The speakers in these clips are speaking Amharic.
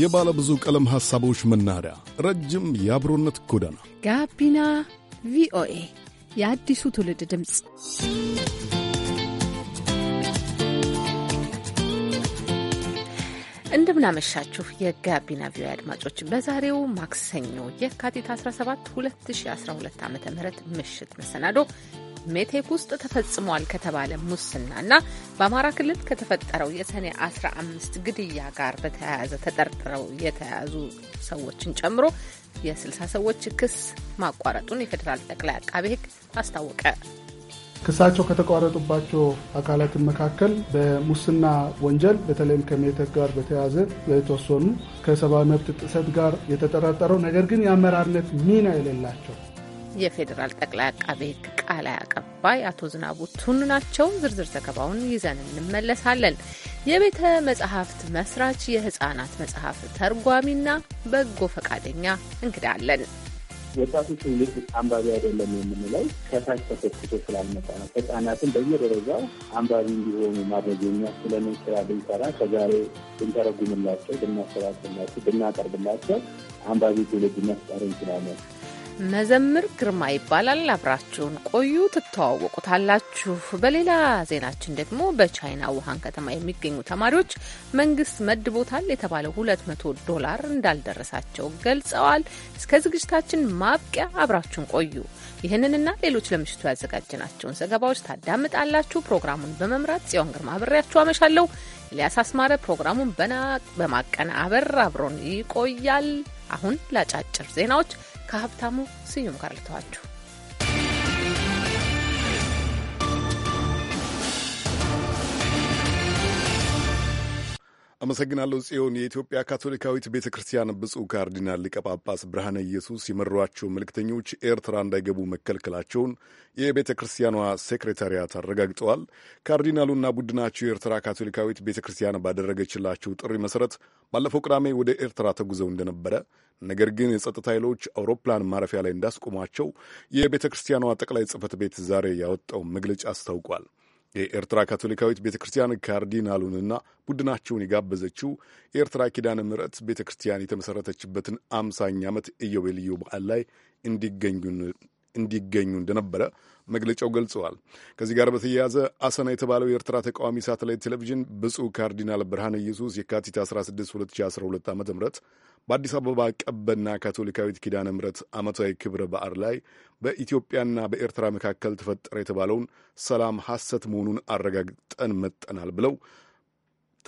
የባለ ብዙ ቀለም ሐሳቦች መናኸሪያ፣ ረጅም የአብሮነት ጎዳና፣ ጋቢና ቪኦኤ የአዲሱ ትውልድ ድምፅ። እንደምናመሻችሁ የጋቢና ቪኦኤ አድማጮች፣ በዛሬው ማክሰኞ የካቲት 17 2012 ዓ ም ምሽት መሰናዶ ሜቴክ ውስጥ ተፈጽሟል ከተባለ ሙስናና በአማራ ክልል ከተፈጠረው የሰኔ 15 ግድያ ጋር በተያያዘ ተጠርጥረው የተያዙ ሰዎችን ጨምሮ የ60 ሰዎች ክስ ማቋረጡን የፌዴራል ጠቅላይ አቃቤ ሕግ አስታወቀ። ክሳቸው ከተቋረጡባቸው አካላትን መካከል በሙስና ወንጀል በተለይም ከሜቴክ ጋር በተያያዘ የተወሰኑ ከሰብአዊ መብት ጥሰት ጋር የተጠረጠረው ነገር ግን የአመራርነት ሚና የሌላቸው የፌዴራል ጠቅላይ አቃቤ ሕግ ቃል አቀባይ አቶ ዝናቡ ቱን ናቸው። ዝርዝር ዘገባውን ይዘን እንመለሳለን። የቤተ መጽሐፍት መስራች፣ የህጻናት መጽሐፍ ተርጓሚና በጎ ፈቃደኛ እንግዳ አለን። ወጣቱ ትውልድ አንባቢ አይደለም የምንለው ከታች ተኮትኩቶ ስላልመጣ ነው። ህጻናትን በየደረጃው አንባቢ እንዲሆኑ ማድረግ የሚያስችለንን ስራ ብንሰራ ከዛሬ ብንተረጉምላቸው፣ ብናሰባስላቸው፣ ብናቀርብላቸው አንባቢ ትውልድ መፍጠር እንችላለን። መዘምር ግርማ ይባላል። አብራችሁን ቆዩ፣ ትተዋወቁታላችሁ። በሌላ ዜናችን ደግሞ በቻይና ውሃን ከተማ የሚገኙ ተማሪዎች መንግስት መድቦታል የተባለው 200 ዶላር እንዳልደረሳቸው ገልጸዋል። እስከ ዝግጅታችን ማብቂያ አብራችሁን ቆዩ። ይህንንና ሌሎች ለምሽቱ ያዘጋጅናቸውን ዘገባዎች ታዳምጣላችሁ። ፕሮግራሙን በመምራት ጽዮን ግርማ አብሬያችሁ አመሻለሁ። ኤልያስ አስማረ ፕሮግራሙን በማቀናበር አብሮን ይቆያል። አሁን ለአጫጭር ዜናዎች ከሀብታሙ ስዩም ጋር ልተዋችሁ። አመሰግናለሁ ጽዮን። የኢትዮጵያ ካቶሊካዊት ቤተ ክርስቲያን ብፁዕ ካርዲናል ሊቀ ጳጳስ ብርሃነ ኢየሱስ የመሯቸው መልእክተኞች ኤርትራ እንዳይገቡ መከልከላቸውን የቤተ ክርስቲያኗ ሴክሬታሪያት አረጋግጠዋል። ካርዲናሉና ቡድናቸው የኤርትራ ካቶሊካዊት ቤተ ክርስቲያን ባደረገችላቸው ጥሪ መሠረት ባለፈው ቅዳሜ ወደ ኤርትራ ተጉዘው እንደነበረ፣ ነገር ግን የጸጥታ ኃይሎች አውሮፕላን ማረፊያ ላይ እንዳስቆሟቸው የቤተ ክርስቲያኗ ጠቅላይ ጽህፈት ቤት ዛሬ ያወጣው መግለጫ አስታውቋል። የኤርትራ ካቶሊካዊት ቤተ ክርስቲያን ካርዲናሉንና ቡድናቸውን የጋበዘችው የኤርትራ ኪዳነ ምሕረት ቤተ ክርስቲያን የተመሠረተችበትን አምሳኛ ዓመት ኢዮቤልዩ በዓል ላይ እንዲገኙን እንዲገኙ እንደነበረ መግለጫው ገልጸዋል። ከዚህ ጋር በተያያዘ አሰና የተባለው የኤርትራ ተቃዋሚ ሳተላይት ቴሌቪዥን ብፁዕ ካርዲናል ብርሃነ ኢየሱስ የካቲት 16 2012 ዓ ም በአዲስ አበባ ቀበና ካቶሊካዊት ኪዳነ ምረት ዓመታዊ ክብረ በዓል ላይ በኢትዮጵያና በኤርትራ መካከል ተፈጠረ የተባለውን ሰላም ሐሰት መሆኑን አረጋግጠን መጠናል ብለው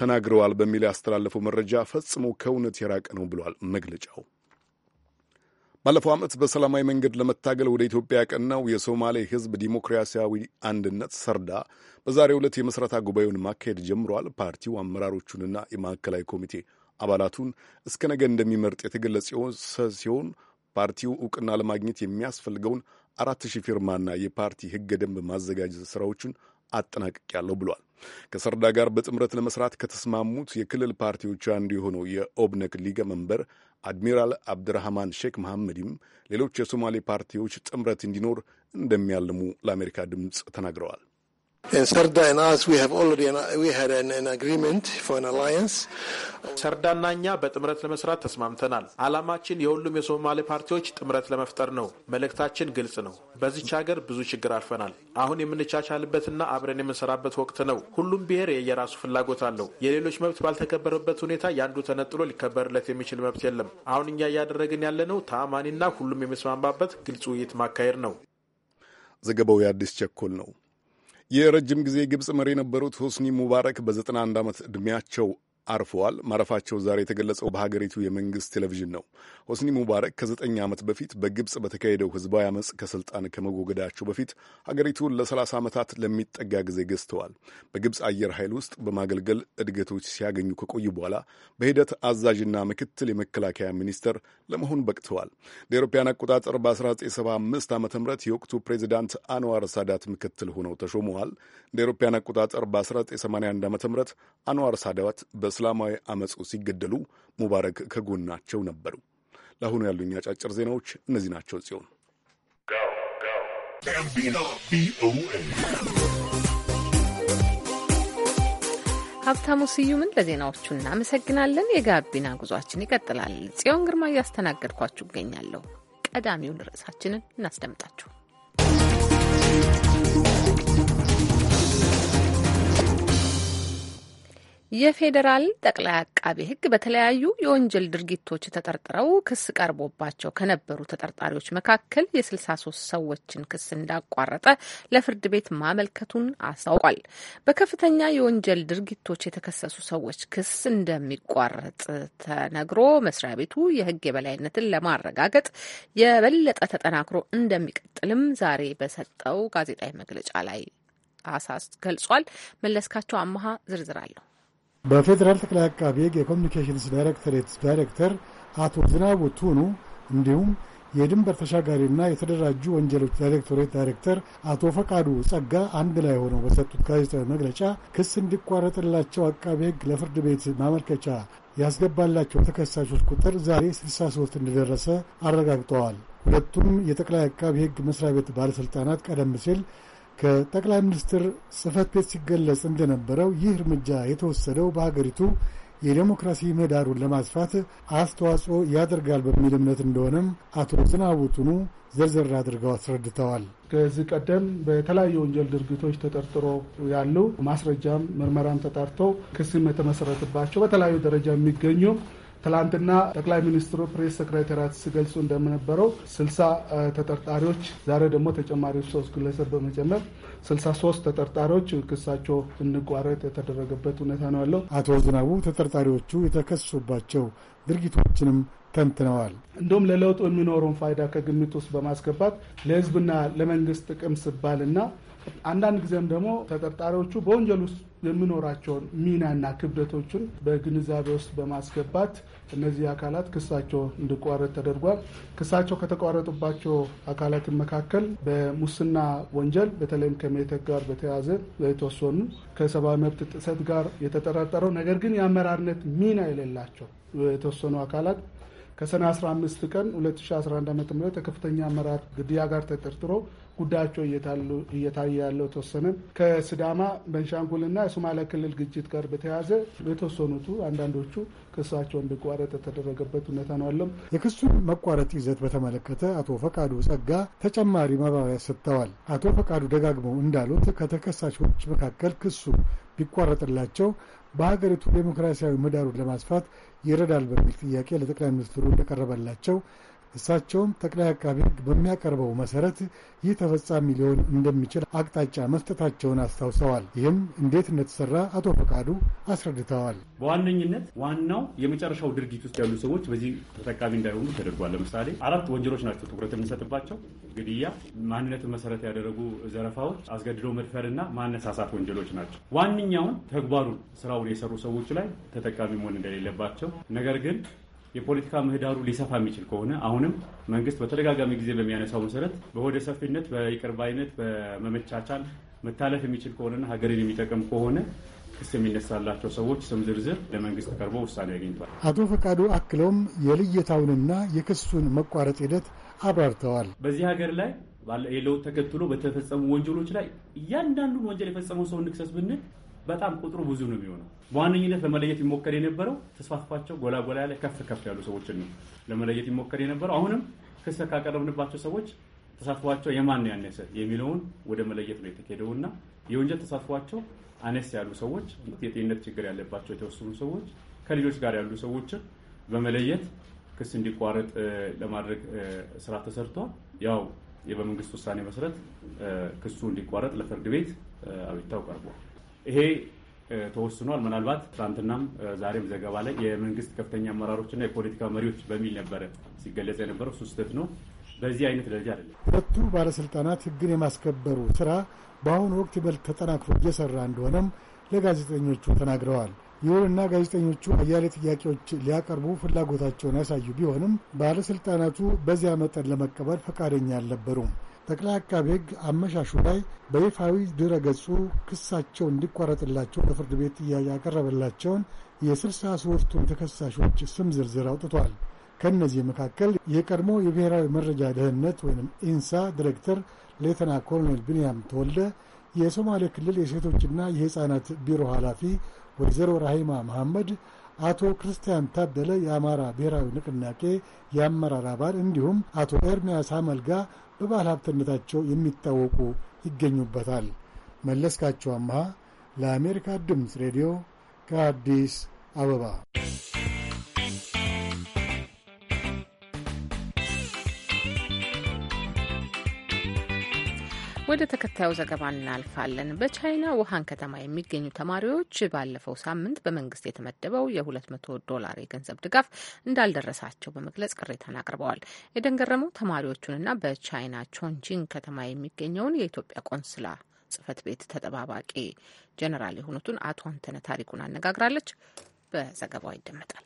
ተናግረዋል በሚል ያስተላለፈው መረጃ ፈጽሞ ከእውነት የራቀ ነው ብሏል መግለጫው። ባለፈው ዓመት በሰላማዊ መንገድ ለመታገል ወደ ኢትዮጵያ ያቀናው የሶማሌ ሕዝብ ዲሞክራሲያዊ አንድነት ሰርዳ በዛሬው ዕለት የመሠረታ ጉባኤውን ማካሄድ ጀምሯል። ፓርቲው አመራሮቹንና የማዕከላዊ ኮሚቴ አባላቱን እስከ ነገ እንደሚመርጥ የተገለጸ ሲሆን ፓርቲው እውቅና ለማግኘት የሚያስፈልገውን አራት ሺህ ፊርማና የፓርቲ ሕገ ደንብ ማዘጋጀት ሥራዎቹን አጠናቅቄያለሁ ብሏል። ከሰርዳ ጋር በጥምረት ለመስራት ከተስማሙት የክልል ፓርቲዎች አንዱ የሆነው የኦብነግ ሊቀመንበር አድሚራል አብድራህማን ሼክ መሐመድም ሌሎች የሶማሌ ፓርቲዎች ጥምረት እንዲኖር እንደሚያልሙ ለአሜሪካ ድምፅ ተናግረዋል። ሰርዳና እኛ በጥምረት ለመስራት ተስማምተናል። አላማችን የሁሉም የሶማሌ ፓርቲዎች ጥምረት ለመፍጠር ነው። መልእክታችን ግልጽ ነው። በዚች ሀገር ብዙ ችግር አልፈናል። አሁን የምንቻቻልበትና አብረን የምንሰራበት ወቅት ነው። ሁሉም ብሔር የየራሱ ፍላጎት አለው። የሌሎች መብት ባልተከበረበት ሁኔታ የአንዱ ተነጥሎ ሊከበርለት የሚችል መብት የለም። አሁን እኛ እያደረግን ያለነው ተአማኒና ሁሉም የሚስማማበት ግልጽ ውይይት ማካሄድ ነው። ዘገባው የአዲስ ቸኮል ነው። የረጅም ጊዜ ግብፅ መሪ የነበሩት ሆስኒ ሙባረክ በ91 ዓመት ዕድሜያቸው አርፈዋል። ማረፋቸው ዛሬ የተገለጸው በሀገሪቱ የመንግስት ቴሌቪዥን ነው። ሆስኒ ሙባረክ ከዘጠኝ ዓመት በፊት በግብፅ በተካሄደው ህዝባዊ አመፅ ከስልጣን ከመወገዳቸው በፊት ሀገሪቱን ለ30 ዓመታት ለሚጠጋ ጊዜ ገዝተዋል። በግብፅ አየር ኃይል ውስጥ በማገልገል እድገቶች ሲያገኙ ከቆዩ በኋላ በሂደት አዛዥና ምክትል የመከላከያ ሚኒስተር ለመሆን በቅተዋል። ለአውሮፓውያን አቆጣጠር በ1975 ዓ ም የወቅቱ ፕሬዚዳንት አንዋር ሳዳት ምክትል ሆነው ተሾመዋል። ለአውሮፓውያን አቆጣጠር በ1981 ዓ ም አንዋር ሳዳት በ በእስላማዊ አመፁ ሲገደሉ ሙባረክ ከጎናቸው ነበሩ። ለአሁኑ ያሉኝ አጫጭር ዜናዎች እነዚህ ናቸው። ጽዮን ሀብታሙ ስዩምን ለዜናዎቹ እናመሰግናለን። የጋቢና ጉዟችን ይቀጥላል። ጽዮን ግርማ እያስተናገድኳችሁ እገኛለሁ። ቀዳሚውን ርዕሳችንን እናስደምጣችሁ። የፌዴራል ጠቅላይ አቃቤ ሕግ በተለያዩ የወንጀል ድርጊቶች ተጠርጥረው ክስ ቀርቦባቸው ከነበሩ ተጠርጣሪዎች መካከል የ63 ሰዎችን ክስ እንዳቋረጠ ለፍርድ ቤት ማመልከቱን አስታውቋል። በከፍተኛ የወንጀል ድርጊቶች የተከሰሱ ሰዎች ክስ እንደሚቋረጥ ተነግሮ መስሪያ ቤቱ የሕግ የበላይነትን ለማረጋገጥ የበለጠ ተጠናክሮ እንደሚቀጥልም ዛሬ በሰጠው ጋዜጣዊ መግለጫ ላይ አሳስ ገልጿል። መለስካቸው አመሀ ዝርዝር አለሁ በፌዴራል ጠቅላይ አቃቤ ሕግ የኮሚኒኬሽንስ ዳይሬክቶሬት ዳይሬክተር አቶ ዝናቡ ቱኑ እንዲሁም የድንበር ተሻጋሪና የተደራጁ ወንጀሎች ዳይሬክቶሬት ዳይሬክተር አቶ ፈቃዱ ጸጋ አንድ ላይ ሆነው በሰጡት ጋዜጣዊ መግለጫ ክስ እንዲቋረጥላቸው አቃቤ ሕግ ለፍርድ ቤት ማመልከቻ ያስገባላቸው ተከሳሾች ቁጥር ዛሬ 63 እንደደረሰ አረጋግጠዋል። ሁለቱም የጠቅላይ አቃቤ ሕግ መስሪያ ቤት ባለሥልጣናት ቀደም ሲል ከጠቅላይ ሚኒስትር ጽህፈት ቤት ሲገለጽ እንደነበረው ይህ እርምጃ የተወሰደው በሀገሪቱ የዴሞክራሲ ምህዳሩን ለማስፋት አስተዋጽኦ ያደርጋል በሚል እምነት እንደሆነም አቶ ዝናቡ ቱኑ ዘርዘር አድርገው አስረድተዋል። ከዚህ ቀደም በተለያዩ ወንጀል ድርጊቶች ተጠርጥሮ ያሉ ማስረጃም ምርመራም ተጣርተው ክስም የተመሰረተባቸው በተለያዩ ደረጃ የሚገኙ ትላንትና ጠቅላይ ሚኒስትሩ ፕሬስ ሰክሬታሪያት ሲገልጹ እንደምነበረው ስልሳ ተጠርጣሪዎች ዛሬ ደግሞ ተጨማሪ ሶስት ግለሰብ በመጨመር ስልሳ ሶስት ተጠርጣሪዎች ክሳቸው እንቋረጥ የተደረገበት ሁኔታ ነው ያለው። አቶ ዝናቡ ተጠርጣሪዎቹ የተከሱባቸው ድርጊቶችንም ተንትነዋል። እንዲሁም ለለውጡ የሚኖረውን ፋይዳ ከግምት ውስጥ በማስገባት ለህዝብና ለመንግስት ጥቅም ሲባልና አንዳንድ ጊዜም ደግሞ ተጠርጣሪዎቹ በወንጀል ውስጥ የሚኖራቸውን ሚናና ክብደቶችን በግንዛቤ ውስጥ በማስገባት እነዚህ አካላት ክሳቸው እንዲቋረጥ ተደርጓል። ክሳቸው ከተቋረጡባቸው አካላትን መካከል በሙስና ወንጀል በተለይም ከሜቴክ ጋር በተያያዘ የተወሰኑ ከሰብአዊ መብት ጥሰት ጋር የተጠረጠረው ነገር ግን የአመራርነት ሚና የሌላቸው የተወሰኑ አካላት ከሰኔ 15 ቀን 2011 ዓ ም ከከፍተኛ አመራር ግድያ ጋር ተጠርጥሮ ጉዳያቸው እየታየ ያለው ተወሰነ ከስዳማ በንሻንጉልና የሶማሊያ ክልል ግጭት ጋር በተያያዘ የተወሰኑቱ አንዳንዶቹ ክሳቸው እንዲቋረጥ የተደረገበት ሁኔታ ነው አለም። የክሱን መቋረጥ ይዘት በተመለከተ አቶ ፈቃዱ ጸጋ ተጨማሪ ማብራሪያ ሰጥተዋል። አቶ ፈቃዱ ደጋግመው እንዳሉት ከተከሳሾች መካከል ክሱ ቢቋረጥላቸው በሀገሪቱ ዴሞክራሲያዊ ምህዳሩን ለማስፋት ይረዳል በሚል ጥያቄ ለጠቅላይ ሚኒስትሩ እንደቀረበላቸው እሳቸውም ጠቅላይ አቃቢ ሕግ በሚያቀርበው መሰረት ይህ ተፈጻሚ ሊሆን እንደሚችል አቅጣጫ መስጠታቸውን አስታውሰዋል። ይህም እንዴት እንደተሰራ አቶ ፈቃዱ አስረድተዋል። በዋነኝነት ዋናው የመጨረሻው ድርጊት ውስጥ ያሉ ሰዎች በዚህ ተጠቃሚ እንዳይሆኑ ተደርጓል። ለምሳሌ አራት ወንጀሎች ናቸው ትኩረት የምንሰጥባቸው ግድያ፣ ማንነትን መሰረት ያደረጉ ዘረፋዎች፣ አስገድዶ መድፈር እና ማነሳሳት ወንጀሎች ናቸው። ዋነኛውን ተግባሩን ስራውን የሰሩ ሰዎች ላይ ተጠቃሚ መሆን እንደሌለባቸው ነገር ግን የፖለቲካ ምህዳሩ ሊሰፋ የሚችል ከሆነ አሁንም መንግስት በተደጋጋሚ ጊዜ በሚያነሳው መሰረት በወደ ሰፊነት፣ በይቅርባይነት፣ በመመቻቻል መታለፍ የሚችል ከሆነና ሀገርን የሚጠቅም ከሆነ ክስ የሚነሳላቸው ሰዎች ስም ዝርዝር ለመንግስት ቀርቦ ውሳኔ አግኝቷል። አቶ ፈቃዱ አክለውም የልየታውንና የክሱን መቋረጥ ሂደት አብራርተዋል። በዚህ ሀገር ላይ የለውጥ ተከትሎ በተፈጸሙ ወንጀሎች ላይ እያንዳንዱን ወንጀል የፈጸመው ሰው እንክሰስ ብንል በጣም ቁጥሩ ብዙ ነው የሚሆነው። በዋነኝነት ለመለየት ይሞከር የነበረው ተሳትፏቸው ጎላ ጎላ ያለ ከፍ ከፍ ያሉ ሰዎችን ነው ለመለየት ይሞከር የነበረው። አሁንም ክስ ካቀረብንባቸው ሰዎች ተሳትፏቸው የማን ያነሰ የሚለውን ወደ መለየት ነው የተካሄደው እና የወንጀል ተሳትፏቸው አነስ ያሉ ሰዎች፣ የጤንነት ችግር ያለባቸው የተወሰኑ ሰዎች፣ ከልጆች ጋር ያሉ ሰዎችን በመለየት ክስ እንዲቋረጥ ለማድረግ ስራ ተሰርቷል። ያው የበመንግስት ውሳኔ መሰረት ክሱ እንዲቋረጥ ለፍርድ ቤት አቤቱታው ቀርቧል። ይሄ ተወስኗል። ምናልባት ትናንትናም ዛሬም ዘገባ ላይ የመንግስት ከፍተኛ አመራሮችና የፖለቲካ መሪዎች በሚል ነበረ ሲገለጽ የነበረው። እሱ ስህተት ነው። በዚህ አይነት ደረጃ አይደለም። ሁለቱ ባለስልጣናት ህግን የማስከበሩ ስራ በአሁኑ ወቅት ይበልጥ ተጠናክሮ እየሰራ እንደሆነም ለጋዜጠኞቹ ተናግረዋል። ይሁንና ጋዜጠኞቹ አያሌ ጥያቄዎች ሊያቀርቡ ፍላጎታቸውን ያሳዩ ቢሆንም ባለስልጣናቱ በዚያ መጠን ለመቀበል ፈቃደኛ አልነበሩም። ጠቅላይ አቃቤ ሕግ አመሻሹ ላይ በይፋዊ ድረ ገጹ ክሳቸው እንዲቋረጥላቸው ለፍርድ ቤት ጥያቄ ያቀረበላቸውን የስልሳ ሶስቱን ተከሳሾች ስም ዝርዝር አውጥቷል። ከእነዚህ መካከል የቀድሞ የብሔራዊ መረጃ ደህንነት ወይም ኢንሳ ዲሬክተር ሌተና ኮሎኔል ቢንያም ተወልደ፣ የሶማሌ ክልል የሴቶችና የሕፃናት ቢሮ ኃላፊ ወይዘሮ ራሂማ መሐመድ፣ አቶ ክርስቲያን ታደለ የአማራ ብሔራዊ ንቅናቄ የአመራር አባል እንዲሁም አቶ ኤርሚያስ አመልጋ በባለ ሀብትነታቸው የሚታወቁ ይገኙበታል። መለስካቸው አምሃ ለአሜሪካ ድምፅ ሬዲዮ ከአዲስ አበባ ወደ ተከታዩ ዘገባ እናልፋለን። በቻይና ውሃን ከተማ የሚገኙ ተማሪዎች ባለፈው ሳምንት በመንግስት የተመደበው የ200 ዶላር የገንዘብ ድጋፍ እንዳልደረሳቸው በመግለጽ ቅሬታን አቅርበዋል። የደንገረመው ተማሪዎቹንና በቻይና ቾንጂንግ ከተማ የሚገኘውን የኢትዮጵያ ቆንስላ ጽህፈት ቤት ተጠባባቂ ጀኔራል የሆኑትን አቶ አንተነ ታሪኩን አነጋግራለች። በዘገባው ይደመጣል።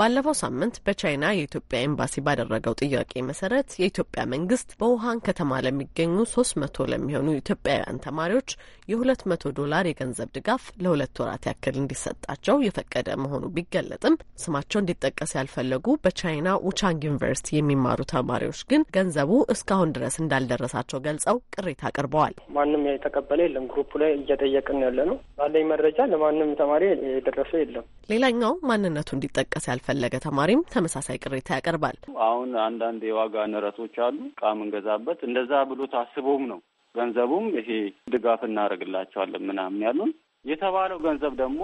ባለፈው ሳምንት በቻይና የኢትዮጵያ ኤምባሲ ባደረገው ጥያቄ መሰረት የኢትዮጵያ መንግስት በውሃን ከተማ ለሚገኙ ሶስት መቶ ለሚሆኑ ኢትዮጵያውያን ተማሪዎች የሁለት መቶ ዶላር የገንዘብ ድጋፍ ለሁለት ወራት ያክል እንዲሰጣቸው የፈቀደ መሆኑ ቢገለጥም ስማቸው እንዲጠቀስ ያልፈለጉ በቻይና ውቻንግ ዩኒቨርሲቲ የሚማሩ ተማሪዎች ግን ገንዘቡ እስካሁን ድረስ እንዳልደረሳቸው ገልጸው ቅሬታ አቅርበዋል። ማንም የተቀበለ የለም። ግሩፕ ላይ እየጠየቅን ያለ ነው። ባለኝ መረጃ ለማንም ተማሪ የደረሰ የለም። ሌላኛው ማንነቱ እንዲጠቀስ ያል ያልፈለገ ተማሪም ተመሳሳይ ቅሬታ ያቀርባል። አሁን አንዳንድ የዋጋ ንረቶች አሉ እቃ ምንገዛበት እንደዛ ብሎ ታስቦም ነው ገንዘቡም ይሄ ድጋፍ እናደርግላቸዋለን ምናምን ያሉን የተባለው ገንዘብ ደግሞ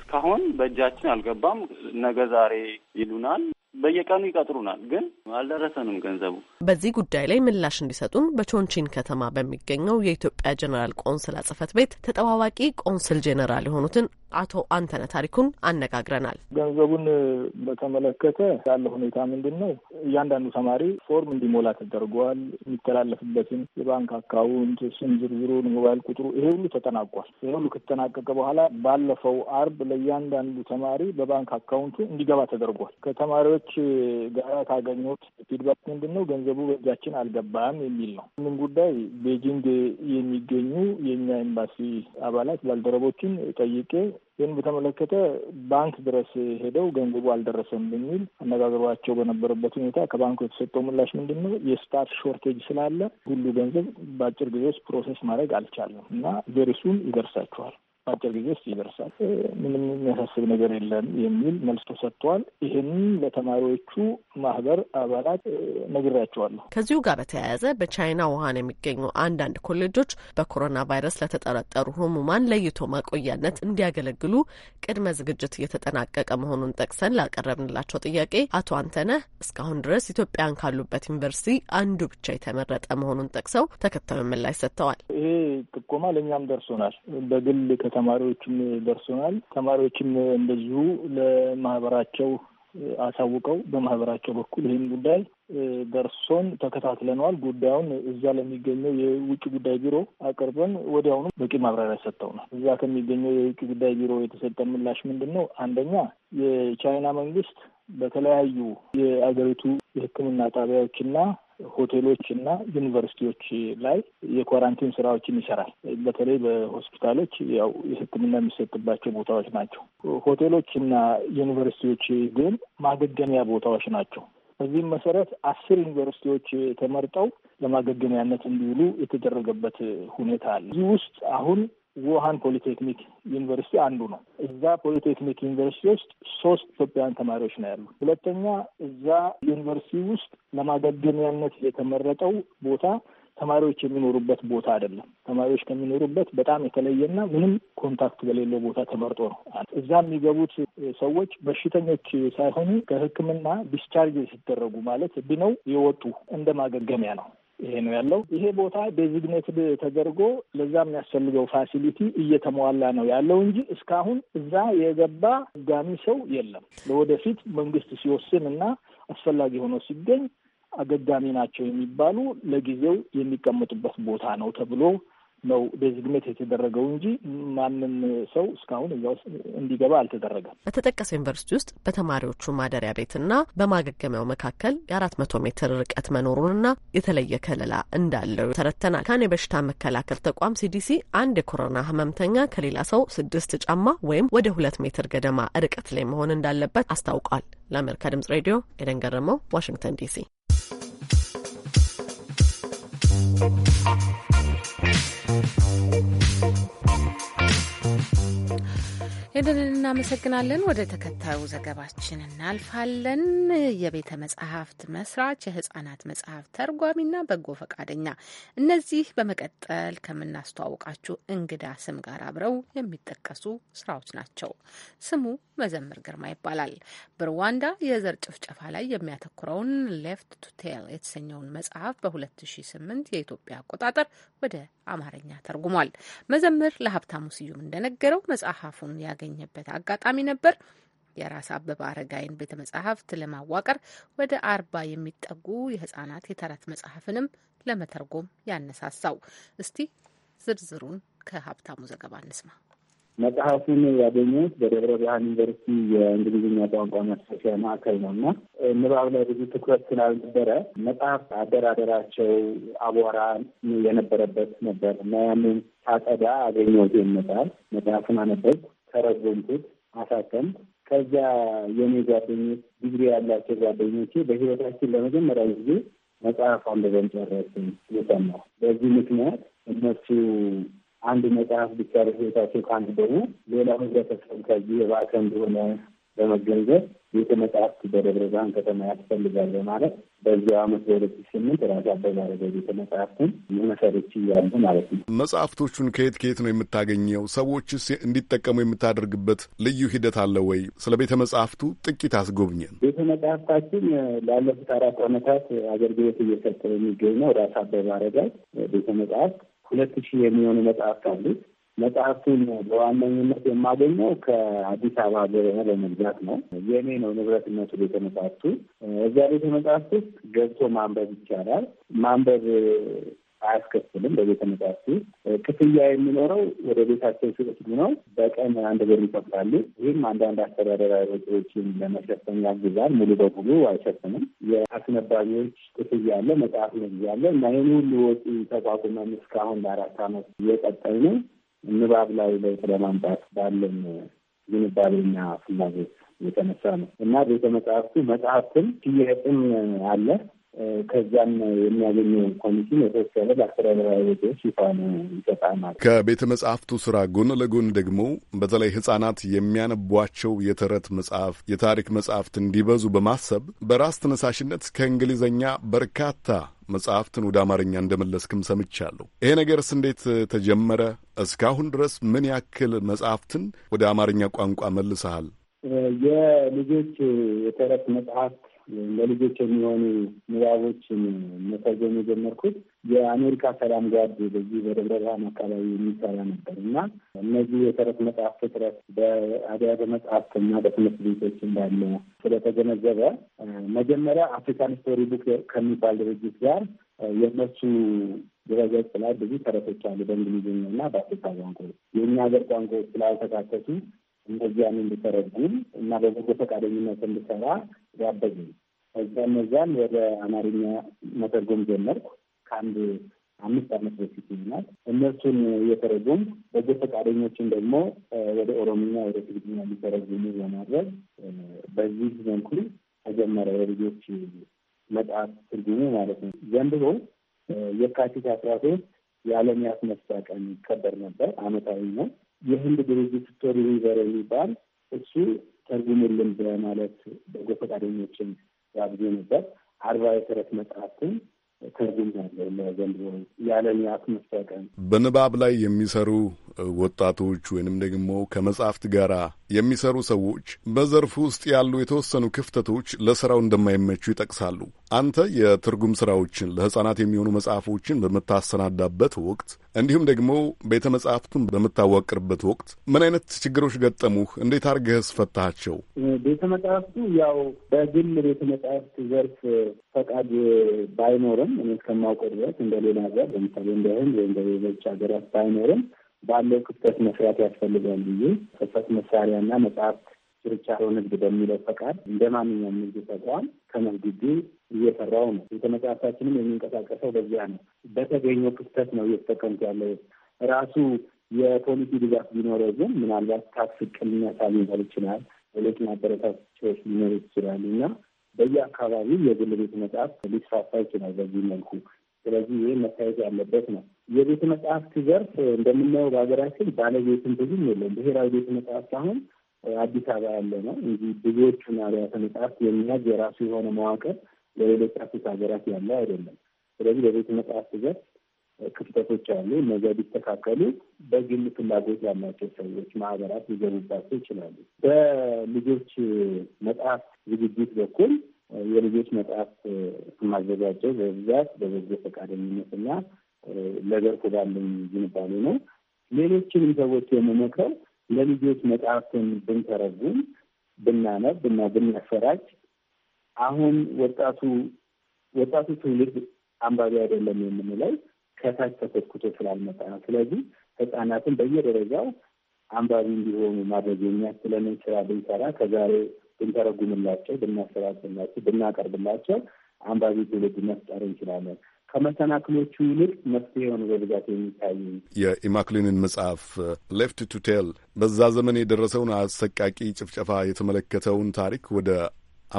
እስካሁን በእጃችን አልገባም። ነገ ዛሬ ይሉናል። በየቀኑ ይቀጥሩናል፣ ግን አልደረሰንም ገንዘቡ። በዚህ ጉዳይ ላይ ምላሽ እንዲሰጡን በቾንቺን ከተማ በሚገኘው የኢትዮጵያ ጀኔራል ቆንስላ ጽህፈት ቤት ተጠባባቂ ቆንስል ጄኔራል የሆኑትን አቶ አንተነ ታሪኩን አነጋግረናል። ገንዘቡን በተመለከተ ያለ ሁኔታ ምንድን ነው? እያንዳንዱ ተማሪ ፎርም እንዲሞላ ተደርጓል። የሚተላለፍበትን የባንክ አካውንት ስም ዝርዝሩን፣ ሞባይል ቁጥሩ ይሄ ሁሉ ተጠናቋል። ይሄ ሁሉ ከተጠናቀቀ በኋላ ባለፈው አርብ ለእያንዳንዱ ተማሪ በባንክ አካውንቱ እንዲገባ ተደርጓል። ከተማሪዎች ጋር ካገኙት ፊድባክ ምንድን ነው? ገንዘቡ በእጃችን አልገባም የሚል ነው። ምን ጉዳይ ቤጂንግ የሚገኙ የእኛ ኤምባሲ አባላት ባልደረቦችን ጠይቄ ይህን በተመለከተ ባንክ ድረስ ሄደው ገንዘቡ አልደረሰም በሚል አነጋግሯቸው በነበረበት ሁኔታ ከባንኩ የተሰጠው ምላሽ ምንድን ነው? የስታፍ ሾርቴጅ ስላለ ሁሉ ገንዘብ በአጭር ጊዜ ውስጥ ፕሮሰስ ማድረግ አልቻለም እና ቬሪ ሱን በአጭር ጊዜ ውስጥ ይደርሳል፣ ምንም የሚያሳስብ ነገር የለም የሚል መልስ ተሰጥቷል። ይህንን ለተማሪዎቹ ማህበር አባላት ነግሬያቸዋለሁ። ከዚሁ ጋር በተያያዘ በቻይና ውሀን የሚገኙ አንዳንድ ኮሌጆች በኮሮና ቫይረስ ለተጠረጠሩ ህሙማን ለይቶ ማቆያነት እንዲያገለግሉ ቅድመ ዝግጅት እየተጠናቀቀ መሆኑን ጠቅሰን ላቀረብንላቸው ጥያቄ አቶ አንተነህ እስካሁን ድረስ ኢትዮጵያን ካሉበት ዩኒቨርሲቲ አንዱ ብቻ የተመረጠ መሆኑን ጠቅሰው ተከታዩን ምላሽ ሰጥተዋል። ይሄ ጥቆማ ለእኛም ደርሶናል። በግል ለተማሪዎችም ደርሶናል። ተማሪዎችም እንደዚሁ ለማህበራቸው አሳውቀው በማህበራቸው በኩል ይህን ጉዳይ ደርሶን ተከታትለነዋል። ጉዳዩን እዛ ለሚገኘው የውጭ ጉዳይ ቢሮ አቅርበን ወዲያውኑ በቂ ማብራሪያ ሰጠውናል። እዛ ከሚገኘው የውጭ ጉዳይ ቢሮ የተሰጠ ምላሽ ምንድን ነው? አንደኛ የቻይና መንግስት በተለያዩ የአገሪቱ የሕክምና ጣቢያዎችና ሆቴሎች እና ዩኒቨርሲቲዎች ላይ የኳራንቲን ስራዎችን ይሰራል። በተለይ በሆስፒታሎች ያው የሕክምና የሚሰጥባቸው ቦታዎች ናቸው። ሆቴሎች እና ዩኒቨርሲቲዎች ግን ማገገሚያ ቦታዎች ናቸው። በዚህም መሰረት አስር ዩኒቨርሲቲዎች ተመርጠው ለማገገሚያነት እንዲውሉ የተደረገበት ሁኔታ አለ። እዚህ ውስጥ አሁን ውሃን ፖሊቴክኒክ ዩኒቨርሲቲ አንዱ ነው። እዛ ፖሊቴክኒክ ዩኒቨርሲቲ ውስጥ ሶስት ኢትዮጵያውያን ተማሪዎች ነው ያሉ። ሁለተኛ እዛ ዩኒቨርሲቲ ውስጥ ለማገገሚያነት የተመረጠው ቦታ ተማሪዎች የሚኖሩበት ቦታ አይደለም። ተማሪዎች ከሚኖሩበት በጣም የተለየና ምንም ኮንታክት በሌለው ቦታ ተመርጦ ነው። እዛ የሚገቡት ሰዎች በሽተኞች ሳይሆኑ ከሕክምና ዲስቻርጅ ሲደረጉ ማለት ድነው የወጡ እንደ ማገገሚያ ነው። ይሄ ነው ያለው። ይሄ ቦታ ዴዚግኔትድ ተደርጎ ለዛ የሚያስፈልገው ፋሲሊቲ እየተሟላ ነው ያለው እንጂ እስካሁን እዛ የገባ ጋሚ ሰው የለም። ለወደፊት መንግስት ሲወስን እና አስፈላጊ ሆኖ ሲገኝ አገጋሚ ናቸው የሚባሉ ለጊዜው የሚቀመጡበት ቦታ ነው ተብሎ ነው ዴዚግኔት የተደረገው እንጂ ማንም ሰው እስካሁን እዛ ውስጥ እንዲገባ አልተደረገም። በተጠቀሰው ዩኒቨርሲቲ ውስጥ በተማሪዎቹ ማደሪያ ቤትና በማገገሚያው መካከል የአራት መቶ ሜትር ርቀት መኖሩንና የተለየ ከለላ እንዳለው ተረድተናል። ካን የበሽታ መከላከል ተቋም ሲዲሲ አንድ የኮሮና ህመምተኛ ከሌላ ሰው ስድስት ጫማ ወይም ወደ ሁለት ሜትር ገደማ ርቀት ላይ መሆን እንዳለበት አስታውቋል። ለአሜሪካ ድምጽ ሬዲዮ ኤደን ገረመው፣ ዋሽንግተን ዲሲ። ኤደንን እናመሰግናለን። ወደ ተከታዩ ዘገባችን እናልፋለን። የቤተ መጽሐፍት መስራች፣ የህጻናት መጽሐፍ ተርጓሚና በጎ ፈቃደኛ፣ እነዚህ በመቀጠል ከምናስተዋውቃችሁ እንግዳ ስም ጋር አብረው የሚጠቀሱ ስራዎች ናቸው። ስሙ መዘምር ግርማ ይባላል። በሩዋንዳ የዘር ጭፍጨፋ ላይ የሚያተኩረውን ሌፍት ቱ ቴል የተሰኘውን መጽሐፍ በ2008 የኢትዮጵያ አቆጣጠር ወደ አማርኛ ተርጉሟል። መዘምር ለሀብታሙ ስዩም እንደነገረው መጽሐፉን ያገኘ የተገኘበት አጋጣሚ ነበር። የራስ አበበ አረጋይን ቤተ መጻሕፍት ለማዋቀር ወደ አርባ የሚጠጉ የህጻናት የተረት መጽሐፍንም ለመተርጎም ያነሳሳው። እስቲ ዝርዝሩን ከሀብታሙ ዘገባ እንስማ። መጽሐፉን ያገኘሁት በደብረ ብርሃን ዩኒቨርሲቲ የእንግሊዝኛ ቋንቋ ማስፋፊያ ማዕከል ነው እና ንባብ ላይ ብዙ ትኩረት ስላልነበረ መጽሐፍ አደራደራቸው አቧራ የነበረበት ነበር እና ያንን ሳጸዳ አገኘሁት ይህን መጽሐፍ። መጽሐፉን አነበብኩ። ተረጎምኩት፣ አሳተምኩ። ከዚያ የኔ ጓደኞች ዲግሪ ያላቸው ጓደኞቼ በህይወታችን ለመጀመሪያ ጊዜ መጽሐፍ አንብበን ጨረስን የሰማሁ። በዚህ ምክንያት እነሱ አንድ መጽሐፍ ብቻ በህይወታቸው ካነበቡ ሌላ ህብረተሰብ ከዚህ የባሰ እንደሆነ በመገንዘብ ቤተ መጽሐፍት በደብረ ብርሃን ከተማ ያስፈልጋል በማለት በዚህ አመት በሁለት ሺህ ስምንት ራስ አበበ አረጋዊ ቤተ መጽሐፍትን መሰረች እያሉ ማለት ነው። መጽሐፍቶቹን ከየት ከየት ነው የምታገኘው? ሰዎችስ እንዲጠቀሙ የምታደርግበት ልዩ ሂደት አለ ወይ? ስለ ቤተ መጽሐፍቱ ጥቂት አስጎብኘን። ቤተ መጽሐፍታችን ላለፉት አራት አመታት አገልግሎት እየሰጠ የሚገኘው ራስ አበበ አረጋዊ ቤተ መጽሐፍት ሁለት ሺህ የሚሆኑ መጽሐፍት አሉት። መጽሐፍቱን በዋነኝነት የማገኘው ከአዲስ አበባ ገበያ ለመግዛት ነው። የእኔ ነው ንብረትነቱ ቤተ መጽሐፍቱ። እዚያ ቤተ መጽሐፍት ውስጥ ገብቶ ማንበብ ይቻላል። ማንበብ አያስከፍልም። በቤተ መጽሐፍቱ ክፍያ የሚኖረው ወደ ቤታቸው ሲወስዱ ነው። በቀን አንድ ብር ይቆጥራሉ። ይህም አንዳንድ አስተዳደራዊ ወጪዎችን ለመሸፈን ያግዛል። ሙሉ በሙሉ አይሸፍንም። የአስነባቢዎች ክፍያ አለ፣ መጽሐፍ መግዣ አለ እና ይህን ሁሉ ወጪ ተቋቁመን እስካሁን ለአራት ዓመት እየቀጠልን ነው። ንባብ ላይ ለውጥ ለማምጣት ባለን ዝንባሌና ፍላጎት የተነሳ ነው እና ቤተ መጽሐፍቱ መጽሐፍትም ሽያጭም አለ ከዚያም የሚያገኘው ኮሚሽን የተወሰነ በአስተዳደራዊ ወጪዎች ይፋን ይሰጣል ማለት ነው። ከቤተ መጽሐፍቱ ስራ ጎን ለጎን ደግሞ በተለይ ህጻናት የሚያነቧቸው የተረት መጽሐፍ፣ የታሪክ መጽሐፍት እንዲበዙ በማሰብ በራስ ተነሳሽነት ከእንግሊዝኛ በርካታ መጽሐፍትን ወደ አማርኛ እንደመለስክም ሰምቻለሁ። ይሄ ነገርስ እንዴት ተጀመረ? እስካሁን ድረስ ምን ያክል መጽሐፍትን ወደ አማርኛ ቋንቋ መልሰሃል? የልጆች የተረት መጽሐፍት ለልጆች የሚሆኑ ንባቦችን መተርጎም የጀመርኩት የአሜሪካ ሰላም ጓድ በዚህ በደብረ ብርሃን አካባቢ የሚሰራ ነበር እና እነዚህ የተረት መጽሐፍ እጥረት በአብያተ እና በትምህርት ቤቶች እንዳለ ስለተገነዘበ መጀመሪያ አፍሪካን ስቶሪ ቡክ ከሚባል ድርጅት ጋር የእነሱ ድረገጽ ላይ ብዙ ተረቶች አሉ በእንግሊዝኛ እና በአፍሪካ ቋንቋ የእኛ ሀገር ቋንቋዎች ስላልተካተቱ እነዚያን እንዲተረጉም እና በበጎ ፈቃደኝነት እንድሰራ ያበዙኝ። ከዚያ እነዚያን ወደ አማርኛ መተርጎም ጀመርኩ ከአንድ አምስት ዓመት በፊት ይሆናል። እነሱን እየተረጉም በጎ ፈቃደኞችን ደግሞ ወደ ኦሮምኛ፣ ወደ ትግርኛ እንዲተረጉሙ በማድረግ በዚህ መልኩ ተጀመረ የልጆች መጽሐፍ ትርጉሙ ማለት ነው። ዘንድሮ የካቲት አስራ ሶስት የዓለም የአፍ ቀን ይከበር ነበር። አመታዊ ነው። የህንድ ድርጅት ቶሪ ሪቨር የሚባል እሱ ተርጉሙልን በማለት በጎ ፈቃደኞችን ያብዙ ነበር። አርባ የተረት መጽሐፍትን ትርጉም ያለው ለዘንድሮ ያለን የአትሞስፌር በንባብ ላይ የሚሰሩ ወጣቶች ወይንም ደግሞ ከመጽሐፍት ጋር የሚሰሩ ሰዎች በዘርፍ ውስጥ ያሉ የተወሰኑ ክፍተቶች ለስራው እንደማይመቹ ይጠቅሳሉ። አንተ የትርጉም ስራዎችን ለህጻናት የሚሆኑ መጽሐፎችን በምታሰናዳበት ወቅት እንዲሁም ደግሞ ቤተ መጽሐፍቱን በምታዋቅርበት ወቅት ምን አይነት ችግሮች ገጠሙህ? እንዴት አድርገህስ ፈታሃቸው? ቤተ መጽሐፍቱ ያው በግል ቤተ መጽሐፍት ዘርፍ ፈቃድ ባይኖርም አሁንም እኔ እስከማውቀው ድረስ እንደ ሌላ ሀገር ለምሳሌ እንደ ህንድ ወይም በሌሎች ሀገራት ባይኖርም ባለው ክፍተት መስራት ያስፈልጋል ብዬ ጽሕፈት መሳሪያና መጽሐፍት ችርቻሮ ንግድ በሚለው ፈቃድ እንደ ማንኛውም ንግድ ተቋም ከመንግዲ እየሰራው ነው። ቤተ ቤተመጽሐፍታችንም የሚንቀሳቀሰው በዚያ ነው። በተገኘው ክፍተት ነው እየተጠቀምኩ ያለው ራሱ የፖሊሲ ድጋፍ ቢኖረው ግን ምናልባት ታክስ ቅል ሊኖር ይችላል። ሌሎች ማበረታቻዎች ሊኖሩ ይችላል እና በየአካባቢው የግል ቤተ መጽሐፍት ሊስፋፋ ይችላል በዚህ መልኩ። ስለዚህ ይህ መታየት ያለበት ነው። የቤተ መጽሐፍት ዘርፍ እንደምናየው በሀገራችን ባለቤትን ብዙም የለም። ብሔራዊ ቤተ መጽሐፍት አሁን አዲስ አበባ ያለ ነው እንጂ ብዙዎቹን አብያተ መጽሐፍት የሚያዝ የራሱ የሆነ መዋቅር ለሌሎች አፍሪካ ሀገራት ያለ አይደለም። ስለዚህ በቤተ መጽሐፍት ዘርፍ ክፍተቶች አሉ። እነዚያ ቢስተካከሉ በግል ፍላጎት ያላቸው ሰዎች፣ ማህበራት ሊገቡባቸው ይችላሉ። በልጆች መጽሐፍ ዝግጅት በኩል የልጆች መጽሐፍ ማዘጋጀው በብዛት በበጎ ፈቃደኝነትና ለዘርፉ ባለኝ ዝንባሌ ነው። ሌሎችንም ሰዎች የምመክረው ለልጆች መጽሐፍትን ብንተረጉም፣ ብናነብ እና ብናሰራጭ አሁን ወጣቱ ወጣቱ ትውልድ አንባቢ አይደለም የምንለው ከታች ተኮትኩቶ ስላልመጣ ነው። ስለዚህ ህጻናትን በየደረጃው አንባቢ እንዲሆኑ ማድረግ የሚያስችለንን ስራ ብንሰራ ከዛሬ ብንተረጉምላቸው፣ ብናሰራላቸው ብናቀርብላቸው አንባቢ ትውልድ መፍጠር እንችላለን። ከመሰናክሎቹ ይልቅ መፍትሄ የሆኑ በብዛት የሚታይ የኢማክሊንን መጽሐፍ ሌፍት ቱ ቴል በዛ ዘመን የደረሰውን አሰቃቂ ጭፍጨፋ የተመለከተውን ታሪክ ወደ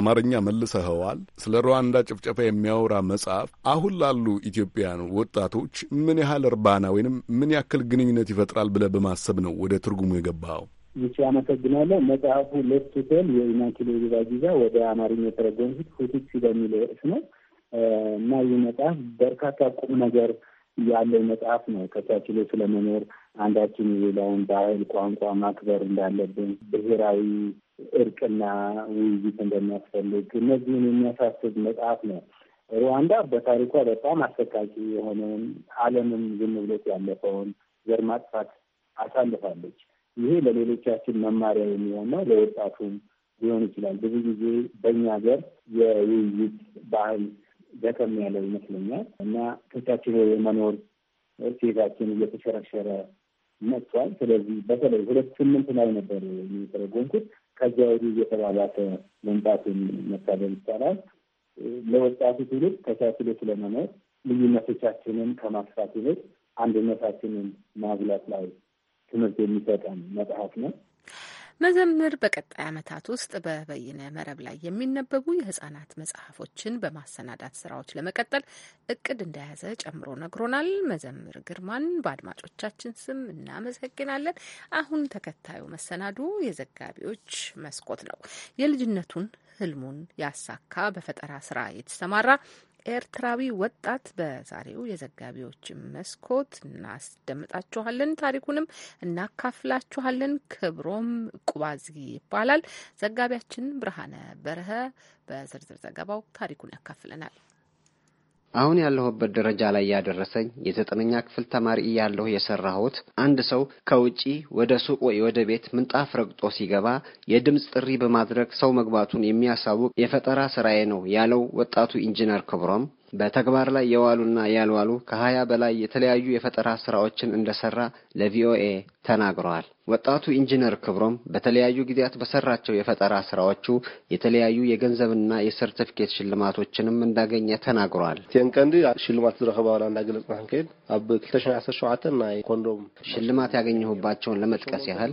አማርኛ መልሰኸዋል፣ ስለ ሩዋንዳ ጭፍጨፋ የሚያወራ መጽሐፍ አሁን ላሉ ኢትዮጵያውያን ወጣቶች ምን ያህል እርባና ወይንም ምን ያክል ግንኙነት ይፈጥራል ብለህ በማሰብ ነው ወደ ትርጉሙ የገባኸው? ይቺ አመሰግናለሁ። መጽሐፉ ሌፍት ቴል የኢናኪሎ ጊዛ ወደ አማርኛ የተረጎምኩት ፉቲክሲ በሚል ርዕስ ነው እና ይህ መጽሐፍ በርካታ ቁም ነገር ያለው መጽሐፍ ነው። ከቻችሎ ስለመኖር አንዳችን የሌላውን ባህል፣ ቋንቋ ማክበር እንዳለብን፣ ብሔራዊ እርቅና ውይይት እንደሚያስፈልግ እነዚህን የሚያሳስብ መጽሐፍ ነው። ሩዋንዳ በታሪኳ በጣም አሰቃቂ የሆነውን ዓለምም ዝም ብሎት ያለፈውን ዘር ማጥፋት አሳልፋለች። ይሄ ለሌሎቻችን መማሪያ የሚሆን ነው። ለወጣቱም ሊሆን ይችላል። ብዙ ጊዜ በእኛ ሀገር የውይይት ባህል ደከም ያለው ይመስለኛል እና ከቻችን የመኖር ሴታችን እየተሸረሸረ መጥቷል። ስለዚህ በተለይ ሁለት ስምንት ላይ ነበር የሚተረጎምኩት ከዚያ ወዲህ እየተባባሰ መምጣቱን መታደል ይቻላል። ለወጣቱ ትውልድ ተቻችሎ ስለመኖር ልዩነቶቻችንን ከማስፋት ይልቅ አንድነታችንን ማጉላት ላይ ትምህርት የሚሰጠን መጽሐፍ ነው። መዘምር በቀጣይ ዓመታት ውስጥ በበይነ መረብ ላይ የሚነበቡ የህጻናት መጽሐፎችን በማሰናዳት ስራዎች ለመቀጠል እቅድ እንደያዘ ጨምሮ ነግሮናል። መዘምር ግርማን በአድማጮቻችን ስም እናመሰግናለን። አሁን ተከታዩ መሰናዱ የዘጋቢዎች መስኮት ነው። የልጅነቱን ህልሙን ያሳካ በፈጠራ ስራ የተሰማራ ኤርትራዊ ወጣት በዛሬው የዘጋቢዎች መስኮት እናስደምጣችኋለን። ታሪኩንም እናካፍላችኋለን። ክብሮም ቁባዚ ይባላል። ዘጋቢያችን ብርሃነ በረሀ በዝርዝር ዘገባው ታሪኩን ያካፍለናል። አሁን ያለሁበት ደረጃ ላይ ያደረሰኝ የዘጠነኛ ክፍል ተማሪ እያለሁ የሰራሁት አንድ ሰው ከውጪ ወደ ሱቅ ወይ ወደ ቤት ምንጣፍ ረግጦ ሲገባ የድምፅ ጥሪ በማድረግ ሰው መግባቱን የሚያሳውቅ የፈጠራ ስራዬ ነው ያለው ወጣቱ ኢንጂነር ክብሮም በተግባር ላይ የዋሉና ያልዋሉ ከሀያ በላይ የተለያዩ የፈጠራ ስራዎችን እንደሰራ ለቪኦኤ ተናግረዋል። ወጣቱ ኢንጂነር ክብሮም በተለያዩ ጊዜያት በሰራቸው የፈጠራ ስራዎቹ የተለያዩ የገንዘብና የሰርቲፊኬት ሽልማቶችንም እንዳገኘ ተናግሯል። እቲአን ቀንዲ ሽልማት ዝረኸባውና እንዳገለጽና ክንከይድ ኣብ 217 ናይ ኮንዶም ሽልማት ያገኘሁባቸውን ለመጥቀስ ያህል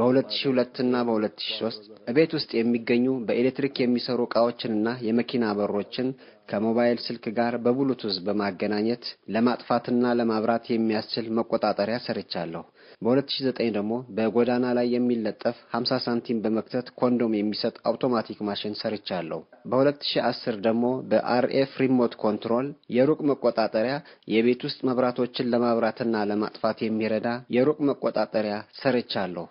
በ2002 እና በ2003 እቤት ውስጥ የሚገኙ በኤሌክትሪክ የሚሰሩ እቃዎችንና የመኪና በሮችን ከሞባይል ስልክ ጋር በብሉቱዝ በማገናኘት ለማጥፋትና ለማብራት የሚያስችል መቆጣጠሪያ ሰርቻለሁ። በ2009 ደግሞ በጎዳና ላይ የሚለጠፍ 50 ሳንቲም በመክተት ኮንዶም የሚሰጥ አውቶማቲክ ማሽን ሰርቻለሁ። በ2010 ደግሞ በአርኤፍ ሪሞት ኮንትሮል የሩቅ መቆጣጠሪያ የቤት ውስጥ መብራቶችን ለማብራትና ለማጥፋት የሚረዳ የሩቅ መቆጣጠሪያ ሰርቻለሁ።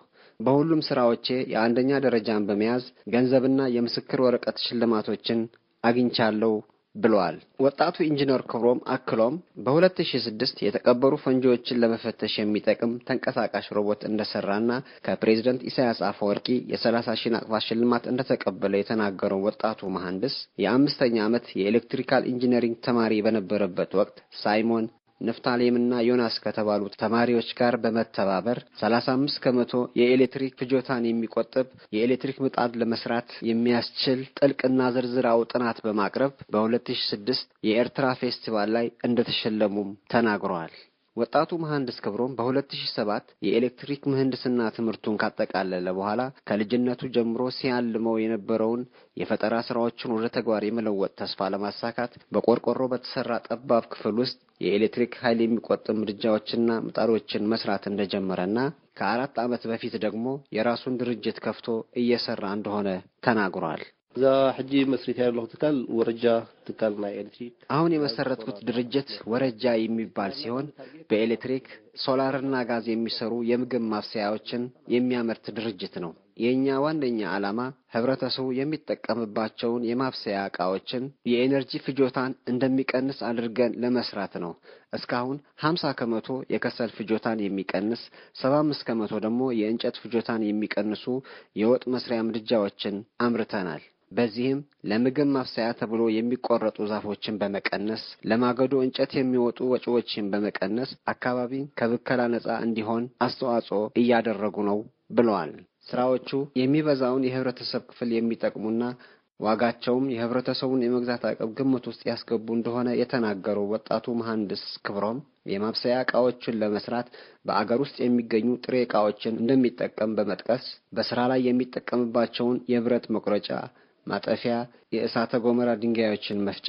በሁሉም ስራዎቼ የአንደኛ ደረጃን በመያዝ ገንዘብና የምስክር ወረቀት ሽልማቶችን አግኝቻለሁ። ብለዋል። ወጣቱ ኢንጂነር ክብሮም አክሎም በ2006 የተቀበሩ ፈንጂዎችን ለመፈተሽ የሚጠቅም ተንቀሳቃሽ ሮቦት እንደሰራና ከፕሬዝደንት ኢሳያስ አፈወርቂ የ30 ሺህ ናቅፋ ሽልማት እንደተቀበለ የተናገረው ወጣቱ መሐንድስ የአምስተኛ ዓመት የኤሌክትሪካል ኢንጂነሪንግ ተማሪ በነበረበት ወቅት ሳይሞን ነፍታሌምና ዮናስ ከተባሉ ተማሪዎች ጋር በመተባበር 35 ከመቶ የኤሌክትሪክ ፍጆታን የሚቆጥብ የኤሌክትሪክ ምጣድ ለመስራት የሚያስችል ጥልቅና ዝርዝራው ጥናት በማቅረብ በ2006 የኤርትራ ፌስቲቫል ላይ እንደተሸለሙም ተናግረዋል። ወጣቱ መሐንድስ ክብሮም በ2007 የኤሌክትሪክ ምህንድስና ትምህርቱን ካጠቃለለ በኋላ ከልጅነቱ ጀምሮ ሲያልመው የነበረውን የፈጠራ ስራዎችን ወደ ተግባር የመለወጥ ተስፋ ለማሳካት በቆርቆሮ በተሰራ ጠባብ ክፍል ውስጥ የኤሌክትሪክ ኃይል የሚቆጥም ምድጃዎችና ምጣዶችን መስራት እንደጀመረና ከአራት ዓመት በፊት ደግሞ የራሱን ድርጅት ከፍቶ እየሰራ እንደሆነ ተናግሯል። እዛ ሕጂ መስሪት ያለሁ ትካል ወረጃ ትካል ናይ ኤሌክትሪክ አሁን የመሰረትኩት ድርጅት ወረጃ የሚባል ሲሆን በኤሌክትሪክ ሶላርና ጋዝ የሚሰሩ የምግብ ማብሰያዎችን የሚያመርት ድርጅት ነው። የእኛ ዋነኛ ዓላማ ህብረተሰቡ የሚጠቀምባቸውን የማብሰያ ዕቃዎችን የኤነርጂ ፍጆታን እንደሚቀንስ አድርገን ለመስራት ነው። እስካሁን ሀምሳ ከመቶ የከሰል ፍጆታን የሚቀንስ ሰባ አምስት ከመቶ ደግሞ የእንጨት ፍጆታን የሚቀንሱ የወጥ መስሪያ ምድጃዎችን አምርተናል። በዚህም ለምግብ ማብሰያ ተብሎ የሚቆረጡ ዛፎችን በመቀነስ ለማገዶ እንጨት የሚወጡ ወጪዎችን በመቀነስ አካባቢን ከብከላ ነጻ እንዲሆን አስተዋጽኦ እያደረጉ ነው ብለዋል። ስራዎቹ የሚበዛውን የህብረተሰብ ክፍል የሚጠቅሙና ዋጋቸውም የህብረተሰቡን የመግዛት አቅም ግምት ውስጥ ያስገቡ እንደሆነ የተናገረው ወጣቱ መሐንዲስ ክብሮም የማብሰያ እቃዎችን ለመስራት በአገር ውስጥ የሚገኙ ጥሬ እቃዎችን እንደሚጠቀም በመጥቀስ በስራ ላይ የሚጠቀምባቸውን የብረት መቁረጫ ማጠፊያ፣ የእሳተ ገሞራ ድንጋዮችን መፍጫ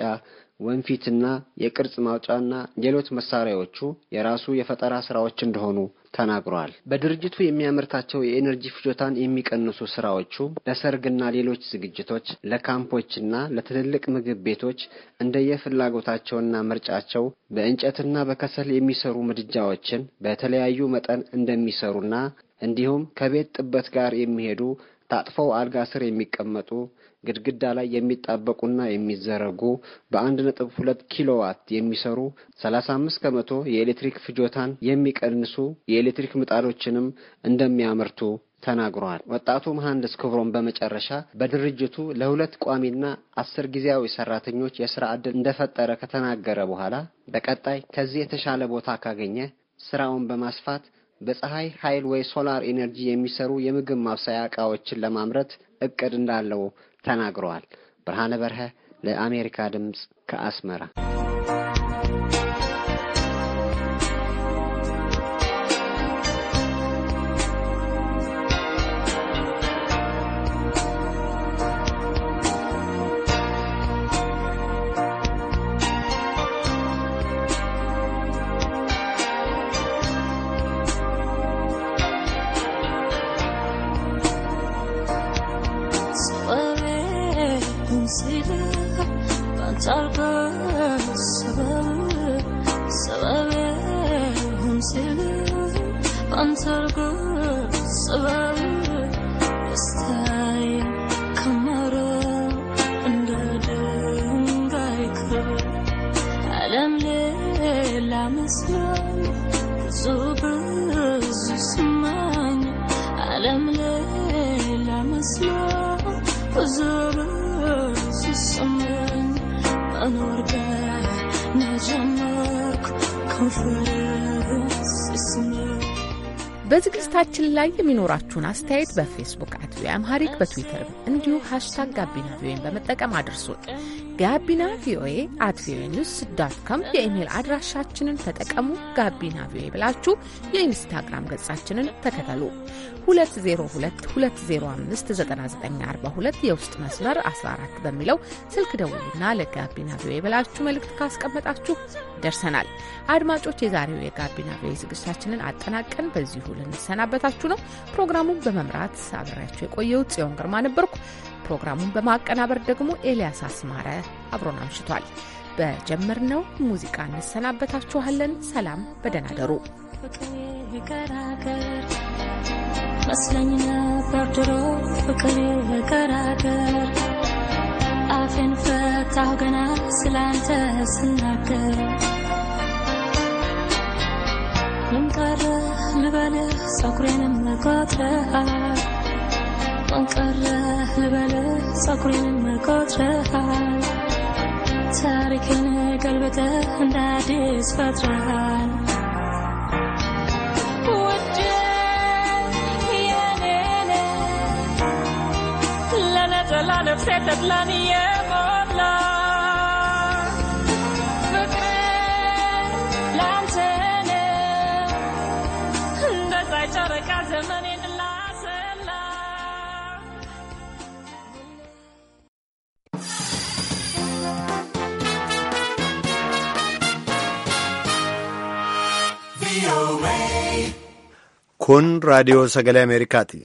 ወንፊትና የቅርጽ ማውጫና ሌሎች መሳሪያዎቹ የራሱ የፈጠራ ስራዎች እንደሆኑ ተናግረዋል። በድርጅቱ የሚያመርታቸው የኤነርጂ ፍጆታን የሚቀንሱ ስራዎቹ ለሰርግና ሌሎች ዝግጅቶች፣ ለካምፖችና ለትልልቅ ምግብ ቤቶች እንደየፍላጎታቸውና ምርጫቸው በእንጨትና በከሰል የሚሰሩ ምድጃዎችን በተለያዩ መጠን እንደሚሰሩና እንዲሁም ከቤት ጥበት ጋር የሚሄዱ ታጥፈው አልጋ ስር የሚቀመጡ ግድግዳ ላይ የሚጣበቁና የሚዘረጉ በአንድ ነጥብ ሁለት ኪሎዋት የሚሰሩ ሰላሳ አምስት ከመቶ የኤሌክትሪክ ፍጆታን የሚቀንሱ የኤሌክትሪክ ምጣዶችንም እንደሚያመርቱ ተናግረዋል። ወጣቱ መሐንድስ ክብሮም በመጨረሻ በድርጅቱ ለሁለት ቋሚና አስር ጊዜያዊ ሰራተኞች የስራ ዕድል እንደፈጠረ ከተናገረ በኋላ በቀጣይ ከዚህ የተሻለ ቦታ ካገኘ ስራውን በማስፋት በፀሐይ ኃይል ወይ ሶላር ኢነርጂ የሚሰሩ የምግብ ማብሰያ እቃዎችን ለማምረት እቅድ እንዳለው ተናግረዋል። ብርሃነ በርሀ ለአሜሪካ ድምፅ ከአስመራ በዝግጅታችን ላይ የሚኖራችሁን አስተያየት በፌስቡክ አት ቪኦኤ አምሃሪክ በትዊተርም እንዲሁ ሀሽታግ ጋቢና ቪኦኤን በመጠቀም አድርሱን። ጋቢና ቪኦኤ አት ቪኦኤ ኒውስ ዶት ኮም የኢሜይል አድራሻችንን ተጠቀሙ። ጋቢና ቪኦኤ ብላችሁ የኢንስታግራም ገጻችንን ተከተሉ። 2022059942 የውስጥ መስመር 14 በሚለው ስልክ ደውሉና ለጋቢና ቪኦኤ ብላችሁ መልእክት ካስቀመጣችሁ ደርሰናል። አድማጮች፣ የዛሬው የጋቢና ቪኦኤ ዝግጅታችንን አጠናቀን በዚሁ ልንሰናበታችሁ ነው። ፕሮግራሙን በመምራት አብሬያችሁ የቆየው ጽዮን ግርማ ነበርኩ። ፕሮግራሙን በማቀናበር ደግሞ ኤልያስ አስማረ አብሮን አምሽቷል። በጀመርነው ሙዚቃ እንሰናበታችኋለን። ሰላም፣ በደህና ደሩ። መስለኝ ነበር ድሮ ፍቅር የገራገር አፌን ፈታሁ ገና ስላንተ ስናገር ልምቀርህ ልበልህ ፀጉሬንም መቆጥረሃል ቀረህ ልበልህ ፀጉሬን መቆጥረሃል ታሪክን ገልብጠህ እንደ አዲስ ፈጥረሃል ፍቅር ላንተ ነው እንደ ፀሐይ ጨረቃ Kun raadiyoo sagale Ameerikaati.